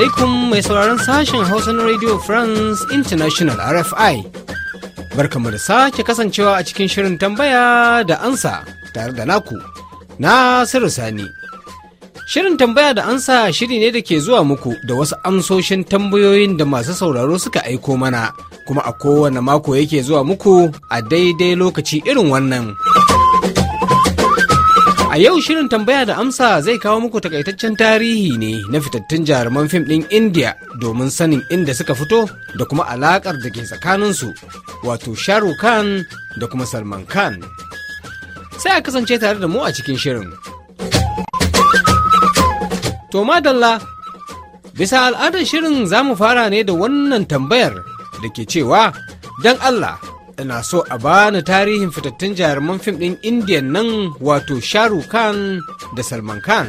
alaikum mai sauraron sashen Hausa na Radio France International RFI. Barkamu da sake kasancewa a cikin shirin tambaya da ansa tare da naku, Nasiru Sani. Shirin tambaya da ansa shiri ne da ke zuwa muku da wasu amsoshin tambayoyin da masu sauraro suka aiko mana, kuma a kowane mako yake zuwa muku a daidai lokaci irin wannan. A yau shirin tambaya da amsa zai kawo muku takaitaccen tarihi ne na fitattun jaruman fim ɗin India domin sanin inda suka fito da kuma alaƙar da ke tsakaninsu wato Shahrukh Khan da kuma Salman Khan. Sai a kasance tare da mu a cikin shirin. To madalla, bisa al'adar shirin za mu fara ne da wannan tambayar da ke cewa, don Allah ina so a bani tarihin fitattun jaruman fim ɗin indiyan nan wato sharu khan da salman khan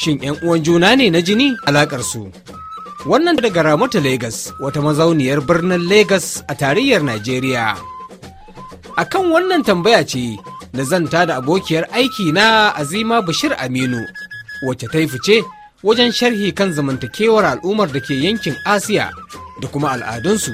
shin 'yan uwan juna ne na jini alakar su wannan daga ramata lagos wata mazauniyar birnin lagos a tarayyar najeriya akan wannan tambaya ce na zanta da abokiyar aiki na azima bashir aminu wacce ta fice wajen sharhi kan zamantakewar al'ummar da ke yankin asiya da kuma al'adunsu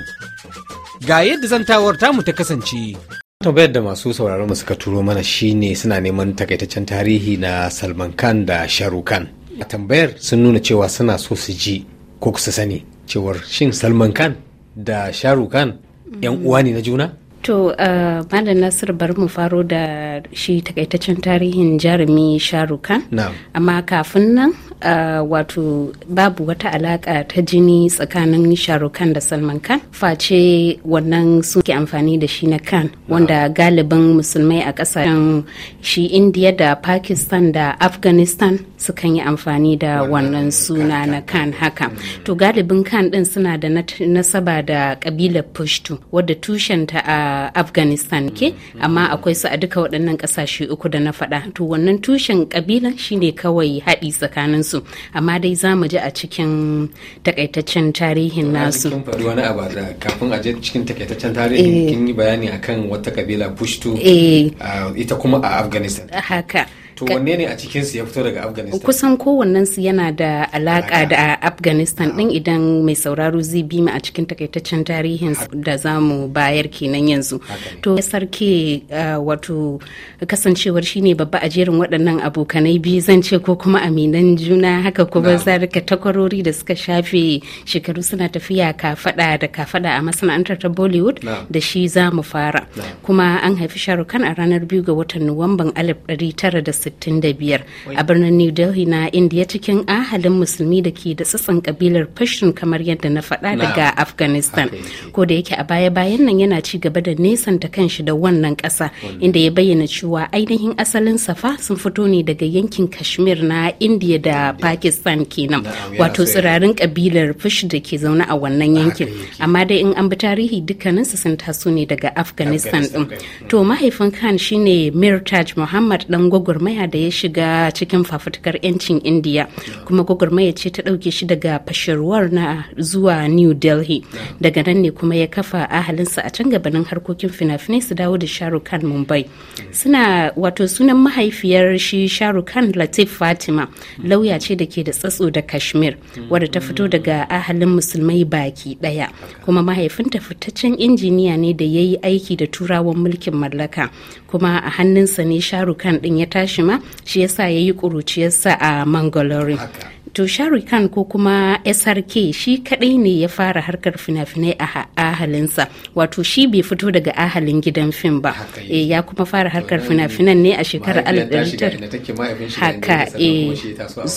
Ga yadda zantawar tamu ta kasance. tambayar da masu sauraron mu suka turo mana shine suna neman takaitaccen tarihi na salman khan da sharukan khan a tambayar sun nuna cewa suna so su ji ko su sani cewar shin salman khan da sharukan khan yan uwa ne na juna to eh, malam nasir bari mu faro da shi takaitaccen tarihin jarumi sharukan khan amma kafin nan wato babu wata alaka ta jini tsakanin sharukan da salman kan. face wannan suke amfani da shi na khan wanda galibin musulmai a kasashen shi indiya da pakistan da afghanistan sukan yi amfani da wannan suna na khan haka to galibin khan din suna da nasaba da kabilar pushtu wadda tushenta a afghanistan ke mm-hmm. amma akwai su a duka waɗannan ƙasashe uku da na faɗa to wannan tushen kabilan shine kawai haɗi tsakanin su amma dai za mu ji a cikin takaitaccen tarihin nasu kun faɗi wani abu kafin a je cikin takaitaccen tarihin eh. kin yi bayani akan wata kabila pushto eh. ah, ita kuma a afghanistan haka to wanne ne a cikin su ya fito daga afghanistan kusan kowannen su yana da alaka da afghanistan din idan mai sauraro zai bi mu a cikin takaitaccen tarihin da zamu bayar kenan yanzu to sarki eh, wato kasancewar shine babba a jerin waɗannan abokanai biyu zan ce ko kuma aminan juna haka kuma rika takwarori da suka shafe shekaru suna tafiya kafada da kafada a masana'antar ta bollywood da shi za mu fara kuma an haifi sharukan a ranar biyu ga watan nuwamban alif 1965 a birnin new delhi na india cikin ahalin musulmi da ke da sassan kabilar fashin kamar yadda na faɗa daga afghanistan ko da yake a baya-bayan nan yana ci gaba da nesanta kanshi da wannan ƙasa inda ya bayyana cewa ainihin asalin safa sun fito ne daga yankin kashmir na india da pakistan kenan wato tsirarin kabilar fush da ke zaune a wannan yankin amma dai in an bi tarihi dukkaninsu sun taso ne daga afghanistan din to mahaifin khan shine mirtaj muhammad dan gwagwarmaya gwagwarmaya da ya shiga cikin fafutukar 'yancin indiya kuma gwagwarmaya ce ta ɗauke shi daga fashirwar na zuwa new delhi daga nan ne kuma ya kafa ahalinsa a can gabanin harkokin fina-finai su dawo da sharukan mumbai suna wato sunan mahaifiyar shi sharukan latif fatima lauya ce da ke da tsatso da kashmir wadda ta fito daga ahalin musulmai baki ɗaya kuma mahaifinta fitaccen injiniya ne da ya yi aiki da turawan mulkin mallaka kuma a hannunsa ne sharukan din ɗin ya tashi girma shi yasa ya yi ƙuruciyarsa a mangalorin to shari khan ko kuma srk shi kadai ne ya fara harkar fina-finai a ahalinsa wato shi bai fito daga ahalin gidan fim ba e, ya kuma fara harkar fina-finan ne a shekarar alɗaritar haka e,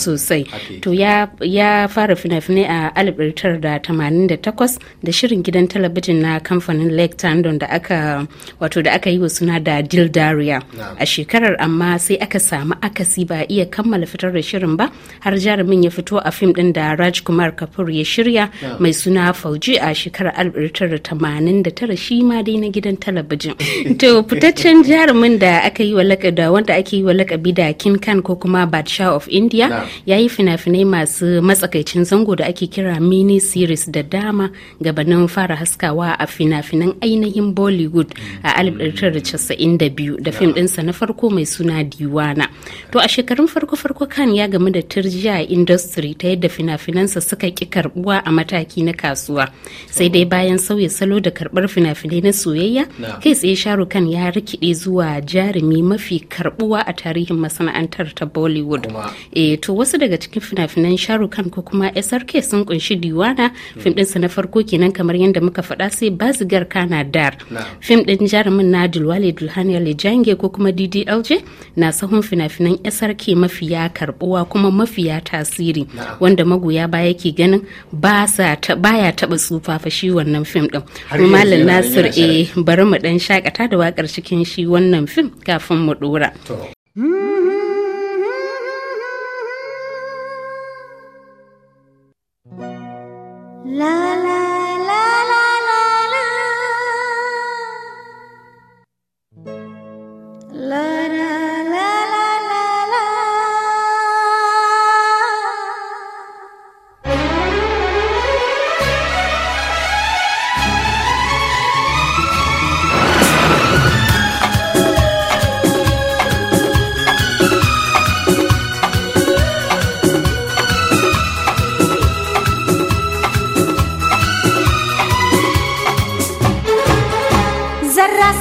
sosai to ya, ya fara fina-finai a alɗaritar da tamanin da takwas da shirin gidan talabijin na kamfanin lake tandon da aka wato da aka yi wa suna da dil daria a shekarar amma sai aka samu akasi ba iya kammala fitar da shirin ba har jarumin ya fito a fim din da Raj Kumar Kapoor ya shirya mai suna Fauji a shekarar 1989 shi ma dai na gidan talabijin. To fitaccen jarumin da aka yi wa da wanda ake yi wa lakabi da King Khan ko kuma Badshah of India ya yi fina-finai masu matsakaicin zango da ake kira mini series da dama gabanin fara haskawa a fina-finan ainihin Bollywood a 1992 mm. da fim ɗinsa na farko mai suna Diwana. To a shekarun farko-farko Khan ya gamu da turjiya inda industry ta yadda fina-finansa suka ki karbuwa a mataki na kasuwa sai dai bayan sauya salo da karbar fina-finai na soyayya kai tsaye sharukan ya rikide zuwa jarumi mafi karbuwa a tarihin masana'antar ta bollywood eh to wasu daga cikin fina-finan sharukan ko kuma srk sun kunshi diwana fim ɗinsa na farko kenan kamar yadda muka faɗa sai bazigar kana dar fim ɗin jarumin na dulwale dulhaniya lejange ko kuma ddlj na sahun fina-finan srk mafiya karbuwa kuma mafiya tasiri tasiri wanda magoya ba yake ganin baya taba tsufa fa shi wannan fim din malam nasir eh bari mu dan shakata da wakar cikin shi wannan fim kafin mu dora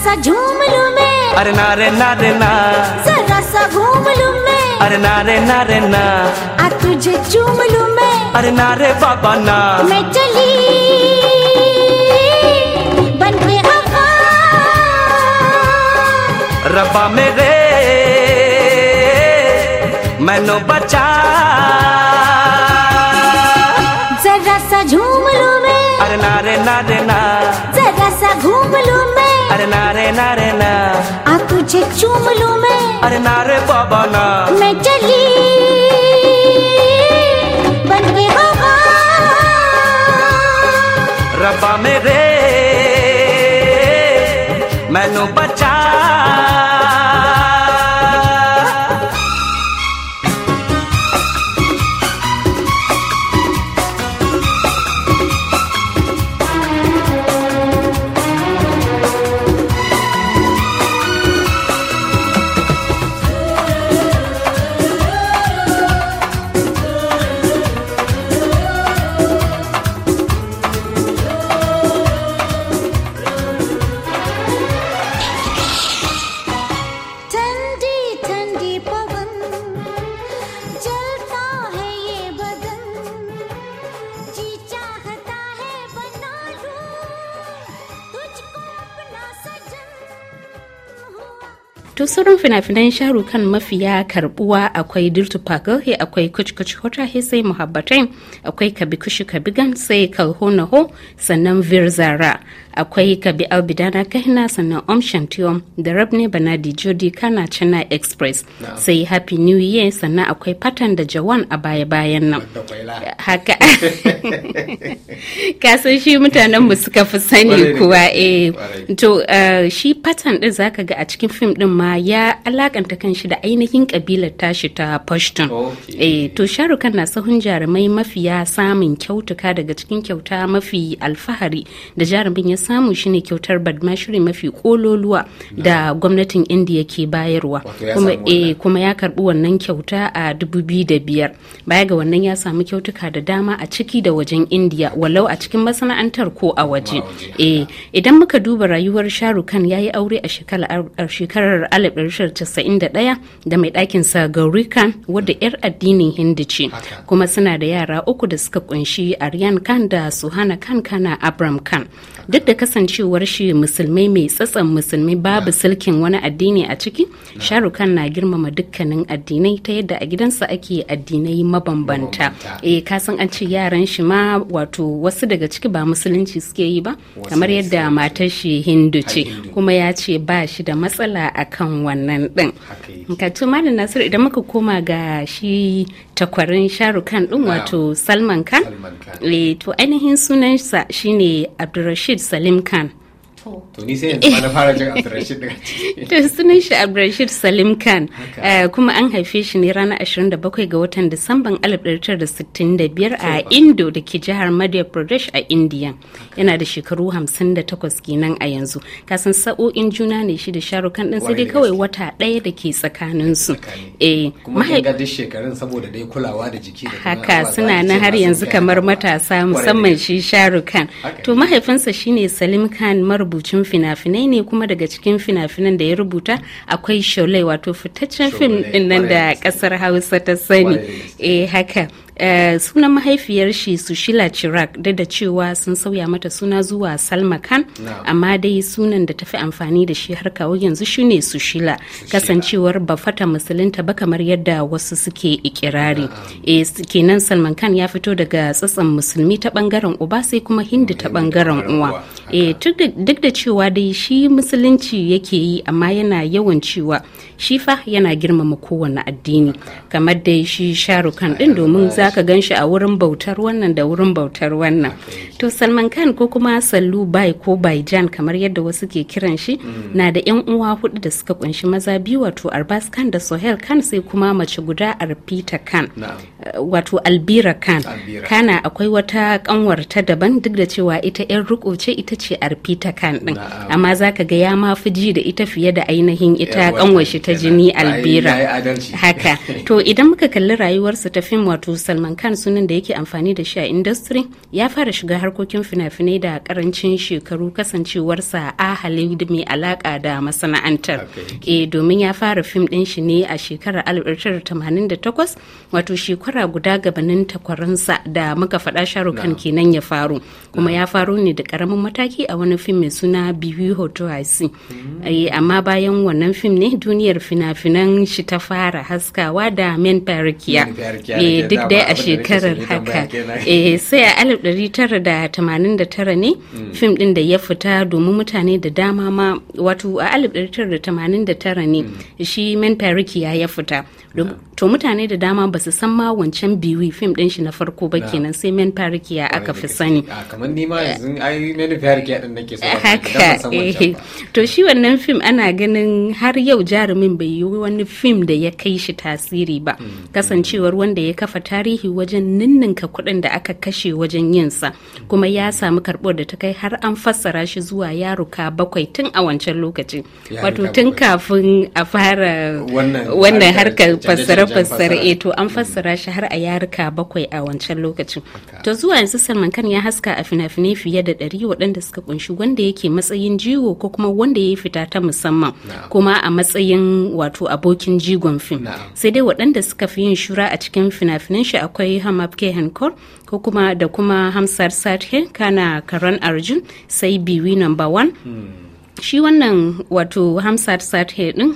सा झूम लूं मैं अरे नारे नारे ना जरा सा घूम लूं मैं अरे नारे नारे ना आ तुझे चूम लूं मैं अरे नारे बाबा ना मैं चली रबा मेरे मैनो बचा जरा सा झूम लूं मैं अरे नारे नारे ना नारे नारे ना आ तुझे चूम लू मैं अरे नारे बाबा ना मैं चली बन गई बाबा रब्बा मेरे मैनू बचा to sauran fina-finan sharu kan mafiya karbuwa akwai dirtu pagahe akwai kuch kuch hota sai muhabbatai akwai kabi kushi kabi gan sai kalho naho sannan virzara akwai kabi albidana kahina sannan om shantiom da rabne banadi jodi kana china express sai happy new year sannan akwai patan da jawan a baya-bayan nan haka kasan shi mutanen mu suka fi sani kuwa eh to eh, shi patan din zaka ga a cikin fim din ma ya alakanta kan shi da ainihin kabilar tashi ta pashtun okay. eh to sharukan na sahun jarumai mafiya samun kyautuka daga cikin kyauta mafi alfahari da jarumin ya samu shine kyautar badmashiri mafi kololuwa da gwamnatin indiya ke bayarwa eh, kuma ya karbi wannan kyauta a da biyar baya ga wannan ya samu kyautuka da dama a ciki da wajen indiya walau a cikin masana'antar ko a waje eh, idan muka duba rayuwar sharukan ya yi aure a shekarar 1991 da da mai ɗakin gauri kan wadda 'yar addinin hindu ce kuma suna da yara uku da suka kunshi aryan kan da suhana khan kana abram kan. duk da kasancewar shi musulmai mai tsatsan musulmai babu sulkin wani addini a ciki sharukan na girmama dukkanin addinai ta yadda a gidansa ake addinai mabambanta eh kasan an ce yaran shi ma wato wasu daga ciki ba musulunci suke yi ba kamar yadda matar shi hindu ce kuma ya ce ba shi da matsala akan wannan din kaci malam nasiru idan muka koma ga shi takwarin sharukan din wato salman khan eh, to ainihin sunansa shine abdulrashid Salman. salim khan to ni sai yanzu na fara jin Abdulrashid daga ciki to sunan shi Abdulrashid Salim Khan eh, kuma an haife shi ne ranar 27 ga watan Disamban 1965 a Indo da ke jihar Madhya Pradesh a India yana da shekaru 58 kenan a yanzu kasan sa'o'in juna ne shi da Sharukan din sai dai kawai wata ɗaya da ke tsakanin su eh kuma ga duk shekarun saboda dai kulawa da jiki da haka suna nan har yanzu kamar matasa musamman shi Sharukan to mahaifinsa shine Salim Khan marubuta marubucin fina-finai ne kuma daga cikin fina-finan da ya rubuta akwai shaulai wato fitaccen fim nan da kasar hausa ta sani eh haka Eh, sunan mahaifiyar shi Sushila Chirac duk da cewa sun sauya mata suna zuwa Salma Khan amma dai sunan da ta fi amfani da shi har kawo yanzu shi ne su shila kasancewar ba fata musulunta ba kamar yadda wasu suke ikirari eh, kenan Salman Khan ya fito daga tsatsan musulmi ta bangaren uba sai kuma Hindu ta bangaren uwa eh, duk da cewa dai shi musulunci yake yi amma yana yawan cewa shifa yana girmama kowane addini kamar dai shi Sharukan din domin za zaka gan shi a wurin bautar wannan da wurin bautar wannan to salman khan ko kuma sallu bai ko jan kamar yadda wasu ke kiran shi mm. na da yan uwa hudu da suka kunshi maza biyu wato arbas khan da sohel khan sai kuma mace guda arpita khan eh, wato albira khan kana akwai wata kanwarta daban duk da cewa ita yan riko ce ita ce arpita khan din amma zaka ga ya ma fi ji da ita fiye da ainihin ita kanwar shi ta jini albira haka to idan muka kalli rayuwarsa ta fim wato salman khan sunan da yake amfani da shi a industry ya fara shiga harkokin fina-finai da karancin shekaru kasancewarsa a halin mai alaka da masana'antar e domin ya fara fim din shi ne a shekarar 1988 wato shekara guda gabanin takwaransa da muka faɗa sharukan kenan ya faru kuma ya faru ne da karamin mataki a wani fim mai suna biyu hmm. eh, amma bayan wannan fim ne duniyar fina-finan shi ta fara haskawa da men farikiya eh, duk da a shekarar haka eh sai a 1989 ne hmm. fim din da ya fita domin mutane da dama ma wato a 1989 ne hmm. shi man pariki ya fita to mutane da dama ba su san ma wancan biwi fim din shi na farko ba kenan sai men farikiya aka fi sani ah, kamar ni yanzu ai men farikiya din nake so haka eh, to shi wannan fim ana ganin har yau jarumin bai yi wani fim da ya kai shi tasiri ba hmm, hmm. kasancewar wanda ya kafa tarihi wajen ninninka kuɗin da aka kashe wajen sa kuma ya samu karɓar da ta kai har an fassara shi zuwa yaruka bakwai tun a wancan lokacin wato tun kafin a fara wannan harkar fassara fassara eh to an mm. fassara shi har a yaruka bakwai a wancan lokacin to zuwa yanzu salman kan ya haska a fina-finai fiye da ɗari waɗanda suka kunshi wanda yake matsayin jigo ko kuma wanda ya fita ta musamman kuma a matsayin wato abokin jigon fim sai dai waɗanda suka fi yin shura a cikin fina-finan shi akwai hamab k hankor ko kuma da kuma hamsar sathe kana karan arjun sai biwi number one hmm. shi wannan wato hamsat sathe din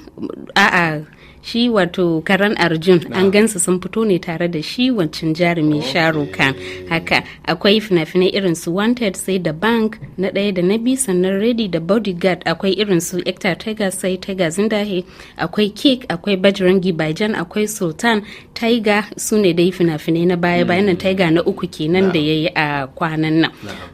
a'a shi wato karan arjun an gansu sun fito ne tare da shi wancan jarumi sharukan haka akwai fina-finai irin su wanted sai da bank na daya da na biyu sannan ready da bodyguard akwai irin su ecta tiger sai tiger zindahe akwai cake akwai bajrangi bajan akwai sultan tiger su ne dai fina-finai na baya hmm. bayan nan tiger na uku kenan da ya yi a kwanan nan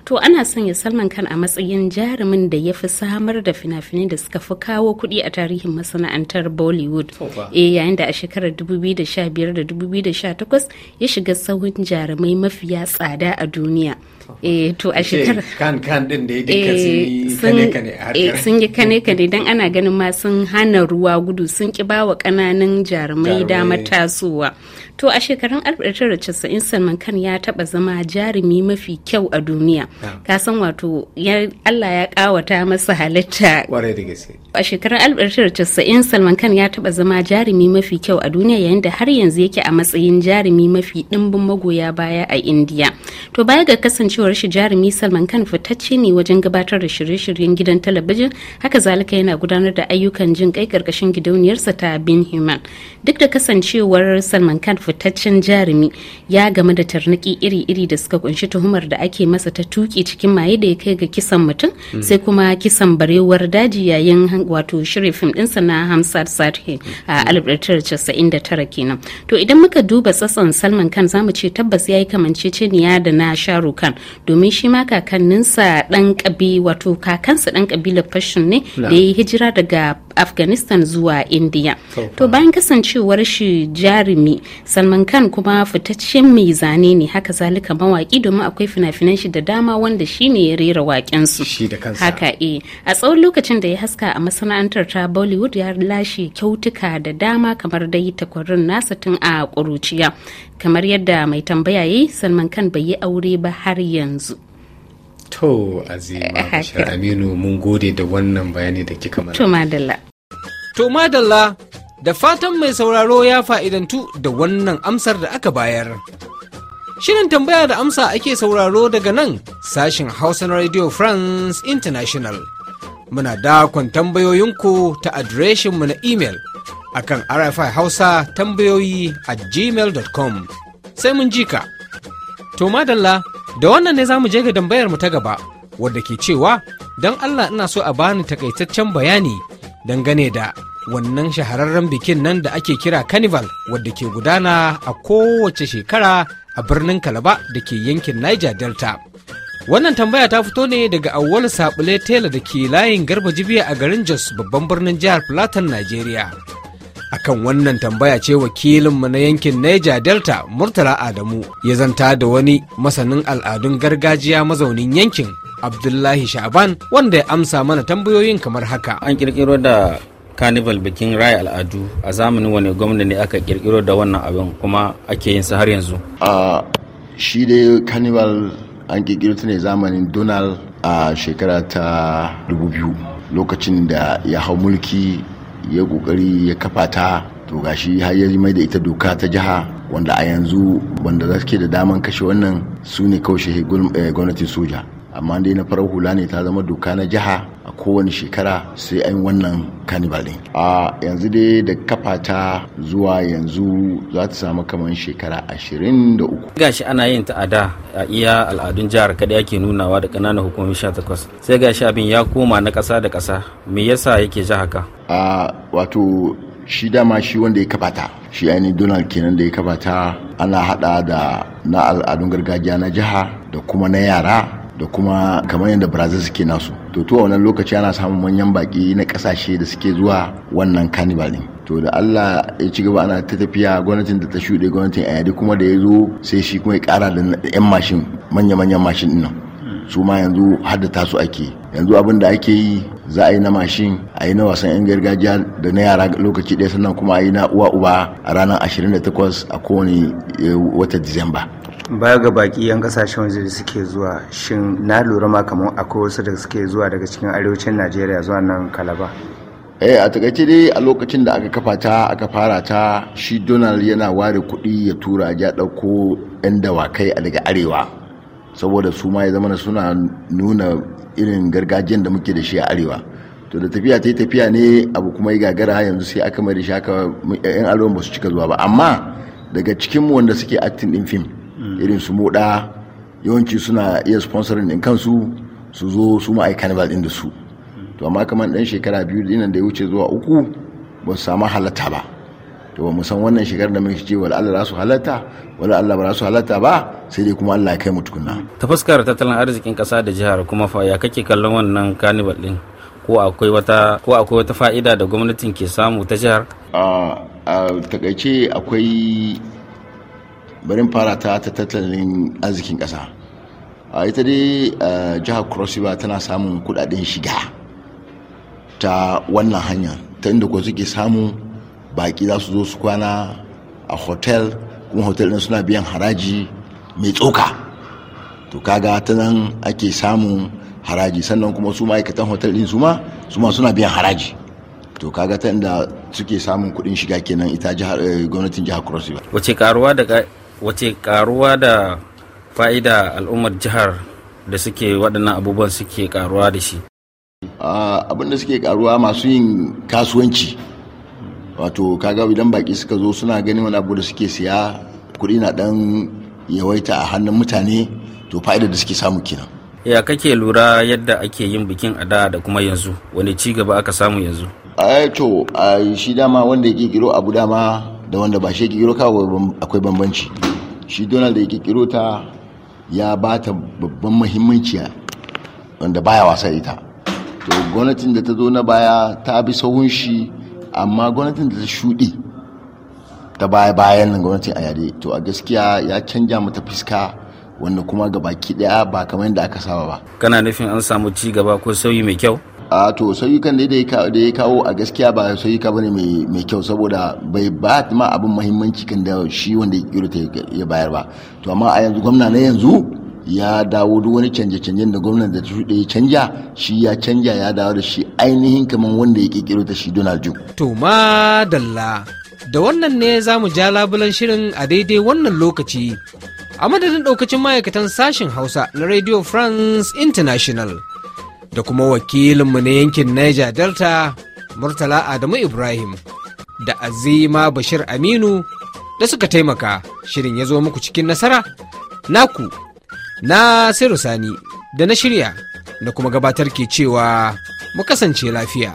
to ana son ya salman kan a matsayin jarumin da ya fi samar da fina-finai da suka fi kawo kuɗi a tarihin masana'antar bollywood eh yayin da a shekarar 2015 da 2018 ya shiga sauhun jarumai mafiya tsada a duniya eh to a shekarar kan kan din da ya kane eh, kane sun yi kane eh, kane dan ana ganin ma sun hana ruwa gudu sun ki bawa kananan jarumai dama tasowa to a shekarun 1990 Salman kan ya taba zama jarumi mafi kyau a duniya ka san wato Allah ya kawata masa halitta A shekarar casa'in Salman Khan ya taɓa zama jarumi mafi kyau a duniya yayin da har yanzu yake a matsayin jarumi mafi ɗimbin magoya baya a Indiya. To baya ga kasancewar shi jarumi Salman Khan fitacce ne wajen gabatar da shirye-shiryen gidan talabijin haka zalika yana gudanar da ayyukan jin kai karkashin gidauniyarsa ta Bin Human. Duk da kasancewar Salman Khan fitaccen jarumi ya game da tarniki iri-iri da suka kunshi tuhumar da ake masa ta tuki cikin maye da ya kai ga kisan mutum mm-hmm. sai kuma kisan barewar daji yayin wato shirin fim ɗinsa na Hamsat Sadhe a tara kenan. To idan muka duba tsatson Salman Khan zamu ce tabbas ya yayi kamanceceniya da na Shahrukh kan domin shi ma kakanninsa dan kabi wato kakansa dan kabilar fashin ne da ya yi hijira daga afghanistan zuwa india to bayan kasancewar shi jarumi salman khan kuma fitaccen mai zane ne haka zalika mawaki domin akwai fina-finan shi da dama wanda shi ne ya rera waken su haka e a tsawon lokacin da ya haska a masana'antar ta bollywood ya lashe kyautuka da dama kamar dai takwarin nasa tun a kuruciya kamar yadda mai tambaya yayi salman khan bai yi aure ba har yanzu To Azima eh, Bashir Aminu mun gode da wannan bayani da kika mana. To madalla. To madalla da fatan mai sauraro ya fa'idantu da wannan amsar da aka bayar. Shirin tambaya da amsa ake sauraro daga nan sashin Hausa na Radio France International. Muna dakon tambayoyinku ta adireshinmu na imel akan RFI Hausa tambayoyi a gmail.com. Sai mun jika. To madalla. da wannan ne za mu je ga tambayar mu ta gaba wadda ke cewa don allah ina so a bani takaitaccen bayani dangane da wannan shahararren bikin nan da ake kira carnival wadda ke gudana a kowace shekara a birnin kalaba da ke yankin niger delta wannan tambaya ta fito ne daga awwal sabule tela da ke layin garba jibiya a garin jos babban birnin jihar plateau nigeria akan wannan tambaya ce wakilinmu na yankin Niger Delta Murtala Adamu ya zanta da wani masanin al'adun gargajiya mazaunin yankin Abdullahi Sha'ban wanda ya amsa mana tambayoyin kamar haka. An kirkiro da carnival bikin raya al'adu a zamanin wani gwamna ne aka kirkiro da wannan abin kuma ake yin sa har yanzu. A shi dai carnival an kirkiro ta ne zamanin Donald a shekara ta 2000 lokacin da ya hau mulki ya kokari ya kafa ta to gashi har ya mai da ita doka ta jiha wanda a yanzu wanda za da daman kashe wannan su ne kawai eh, gwamnatin soja amma dai na farar hula ne ta zama doka na jiha kowane shekara sai an wannan carnival din a yanzu dai da kafata zuwa yanzu za ta samu kamar shekara ashirin uku gashi ana yin ta ada a iya al'adun jihar kaɗai ake nunawa da ƙananan hukumomi sha sai gashi abin ya koma na ƙasa da ƙasa me yasa yake ja haka a wato shi dama shi wanda ya kafata shi aini donald kenan da ya kafata ana hada da na al'adun gargajiya na jiha da kuma na yara da kuma kamar yadda brazil suke nasu to to wannan lokaci ana samun manyan baki na kasashe da suke zuwa wannan carnival to da allah ya ci gaba ana ta tafiya gwamnatin da ta shuɗe gwamnatin a kuma da ya zo sai shi kuma ya kara da 'yan mashin manya-manyan mashin din nan su ma yanzu haddata su ake yanzu abin da ake yi za a yi na mashin a yi na wasan 'yan gargajiya da na yara lokaci ɗaya sannan kuma a yi na uwa uba a ranar 28 a kowane eh, watan disamba baya ga baki yan kasashen waje suke zuwa shin na lura ma kamar akwai wasu da suke zuwa daga cikin arewacin najeriya zuwa nan kalaba eh a takaice dai a lokacin da aka kafa ta aka fara ta shi donald yana ware kuɗi ya tura ya ɗauko 'yan dawakai a daga arewa saboda su ma ya zama suna nuna irin gargajiyan da muke da shi a arewa to da tafiya ta yi tafiya ne abu kuma yi gagara yanzu sai aka mai da shi aka yan arewa ba su cika zuwa ba amma daga cikin mu wanda suke aktin din fim irin su moda yawanci suna iya sponsorin din kansu su zo su ma'ai carnival din da su to amma kamar dan shekara biyu dinan da ya wuce zuwa uku ba su samu halatta ba to mu san wannan shekarar da mun ce wala Allah su halatta wala Allah ba su halatta ba sai dai kuma Allah ya kai mu tukunna ta fuskar tattalin arzikin kasa da jihar kuma fa ya kake kallon wannan carnival din ko akwai wata ko akwai wata fa'ida da gwamnatin ke samu ta jihar ah, a takaice akwai barin fara ta ta tattalin arzikin kasa a ita dai jihar kurosiba tana samun kudaden shiga ta wannan hanya ta inda ko suke samu baki za su zo su kwana a hotel kuma hotel din suna biyan haraji mai tsoka to kaga ta nan ake samun haraji sannan kuma su ma'aikatan hotel din su ma su ma suna biyan haraji to kaga ta inda suke samun kuɗin shiga kenan ita eh, gwamnatin jihar kurosiba. wace karuwa daga wace karuwa da fa'ida al'ummar jihar da suke waɗannan abubuwan suke karuwa da shi abin da suke karuwa masu yin kasuwanci wato kaga idan baki suka zo suna ganin wani abu da suke siya kuɗi na ɗan yawaita a hannun mutane to fa'ida da suke samu kenan ya kake lura yadda ake yin bikin a da da kuma yanzu wani ci gaba aka samu yanzu a to shi dama wanda ya kiro abu dama da wanda ba shi ya kiro kawai akwai bambanci shi donald da ya kirkiro ta ya ba ta babban mahimmanci wanda baya wasa ita to gwamnatin da ta zo na baya ta bi sahun shi amma gwamnatin da ta shuɗe ta baya bayan nan gwamnatin a yare to a gaskiya ya canja mata fiska wanda kuma gabaki baki daya ba kamar yadda aka saba ba kana nufin an samu ci gaba ko sauyi mai kyau a to sayukan da ya kawo a gaskiya ba sayuka bane mai kyau saboda bai ba ma abin mahimmanci kan da shi wanda ya ya bayar ba to amma a yanzu gwamna na yanzu ya dawo duk wani canje-canjen da gwamna da ta shuɗe ya canja shi ya canja ya dawo da shi ainihin kamar wanda ya kirkiro ta shi Donald Trump. To ma dalla da wannan ne za mu ja labulan shirin a daidai wannan lokaci a madadin ɗaukacin ma'aikatan sashen Hausa na Radio France International. da kuma wakilinmu na yankin Niger Delta Murtala Adamu Ibrahim da Azima Bashir Aminu da suka taimaka shirin ya zo muku cikin nasara naku na Siru Sani da na shirya da kuma gabatar ke cewa mu kasance lafiya.